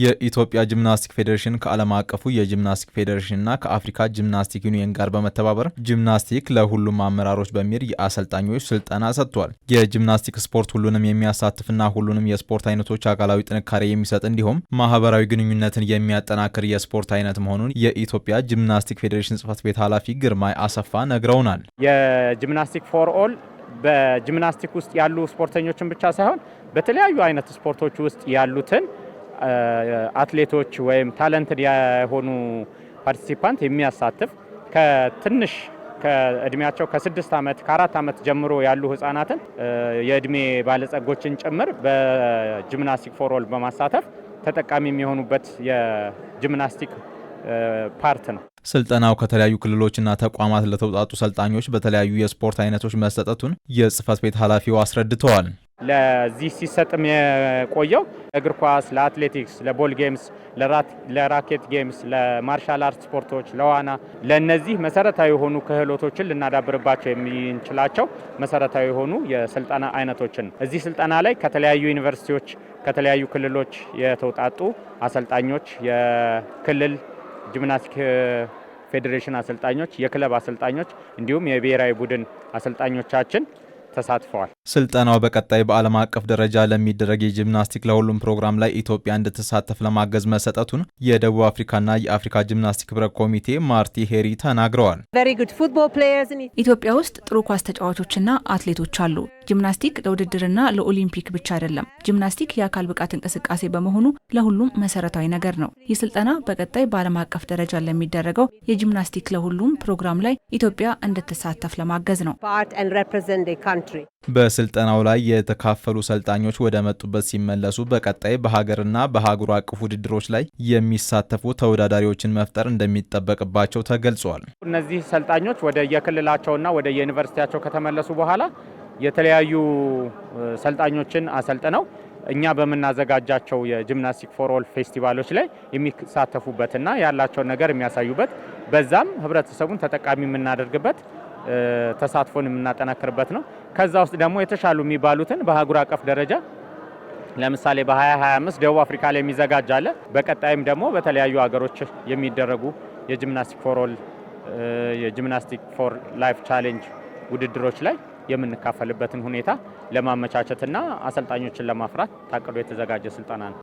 የኢትዮጵያ ጂምናስቲክ ፌዴሬሽን ከዓለም አቀፉ የጂምናስቲክ ፌዴሬሽንና ከአፍሪካ ጂምናስቲክ ዩኒየን ጋር በመተባበር ጂምናስቲክ ለሁሉም አመራሮች በሚል የአሰልጣኞች ስልጠና ሰጥቷል። የጂምናስቲክ ስፖርት ሁሉንም የሚያሳትፍና ሁሉንም የስፖርት አይነቶች አካላዊ ጥንካሬ የሚሰጥ እንዲሁም ማህበራዊ ግንኙነትን የሚያጠናክር የስፖርት አይነት መሆኑን የኢትዮጵያ ጂምናስቲክ ፌዴሬሽን ጽህፈት ቤት ኃላፊ ግርማይ አሰፋ ነግረውናል። የጂምናስቲክ ፎር ኦል በጂምናስቲክ ውስጥ ያሉ ስፖርተኞችን ብቻ ሳይሆን በተለያዩ አይነት ስፖርቶች ውስጥ ያሉትን አትሌቶች ወይም ታለንትድ የሆኑ ፓርቲሲፓንት የሚያሳትፍ ከትንሽ ከእድሜያቸው ከስድስት ዓመት ከአራት ዓመት ጀምሮ ያሉ ህጻናትን የእድሜ ባለጸጎችን ጭምር በጂምናስቲክ ፎሮል በማሳተፍ ተጠቃሚ የሚሆኑበት የጂምናስቲክ ፓርት ነው። ስልጠናው ከተለያዩ ክልሎችና ተቋማት ለተውጣጡ ሰልጣኞች በተለያዩ የስፖርት አይነቶች መሰጠቱን የጽህፈት ቤት ኃላፊው አስረድተዋል። ለዚህ ሲሰጥም የቆየው እግር ኳስ፣ ለአትሌቲክስ፣ ለቦል ጌምስ፣ ለራኬት ጌምስ፣ ለማርሻል አርት ስፖርቶች፣ ለዋና ለእነዚህ መሰረታዊ የሆኑ ክህሎቶችን ልናዳብርባቸው የምንችላቸው መሰረታዊ የሆኑ የስልጠና አይነቶችን እዚህ ስልጠና ላይ ከተለያዩ ዩኒቨርሲቲዎች ከተለያዩ ክልሎች የተውጣጡ አሰልጣኞች፣ የክልል ጂምናስቲክ ፌዴሬሽን አሰልጣኞች፣ የክለብ አሰልጣኞች እንዲሁም የብሔራዊ ቡድን አሰልጣኞቻችን ተሳትፈዋል። ስልጠናው በቀጣይ በዓለም አቀፍ ደረጃ ለሚደረግ የጂምናስቲክ ለሁሉም ፕሮግራም ላይ ኢትዮጵያ እንድትሳተፍ ለማገዝ መሰጠቱን የደቡብ አፍሪካና የአፍሪካ ጂምናስቲክ ህብረት ኮሚቴ ማርቲ ሄሪ ተናግረዋል። ኢትዮጵያ ውስጥ ጥሩ ኳስ ተጫዋቾችና አትሌቶች አሉ። ጂምናስቲክ ለውድድርና ለኦሊምፒክ ብቻ አይደለም። ጂምናስቲክ የአካል ብቃት እንቅስቃሴ በመሆኑ ለሁሉም መሰረታዊ ነገር ነው። ይህ ስልጠና በቀጣይ በዓለም አቀፍ ደረጃ ለሚደረገው የጂምናስቲክ ለሁሉም ፕሮግራም ላይ ኢትዮጵያ እንድትሳተፍ ለማገዝ ነው። በስልጠናው ላይ የተካፈሉ ሰልጣኞች ወደ መጡበት ሲመለሱ በቀጣይ በሀገርና በሀገሩ አቀፍ ውድድሮች ላይ የሚሳተፉ ተወዳዳሪዎችን መፍጠር እንደሚጠበቅባቸው ተገልጿል። እነዚህ ሰልጣኞች ወደ የክልላቸውና ወደ የዩኒቨርሲቲያቸው ከተመለሱ በኋላ የተለያዩ ሰልጣኞችን አሰልጥነው እኛ በምናዘጋጃቸው የጂምናስቲክ ፎር ኦል ፌስቲቫሎች ላይ የሚሳተፉበትና ያላቸውን ነገር የሚያሳዩበት በዛም ህብረተሰቡን ተጠቃሚ የምናደርግበት ተሳትፎን የምናጠናክርበት ነው። ከዛ ውስጥ ደግሞ የተሻሉ የሚባሉትን በአህጉር አቀፍ ደረጃ ለምሳሌ በ2025 ደቡብ አፍሪካ ላይ የሚዘጋጅ አለ። በቀጣይም ደግሞ በተለያዩ ሀገሮች የሚደረጉ የጂምናስቲክ ፎር ኦል የጂምናስቲክ ፎር ላይፍ ቻሌንጅ ውድድሮች ላይ የምንካፈልበትን ሁኔታ ለማመቻቸትና አሰልጣኞችን ለማፍራት ታቅዶ የተዘጋጀ ስልጠና ነው።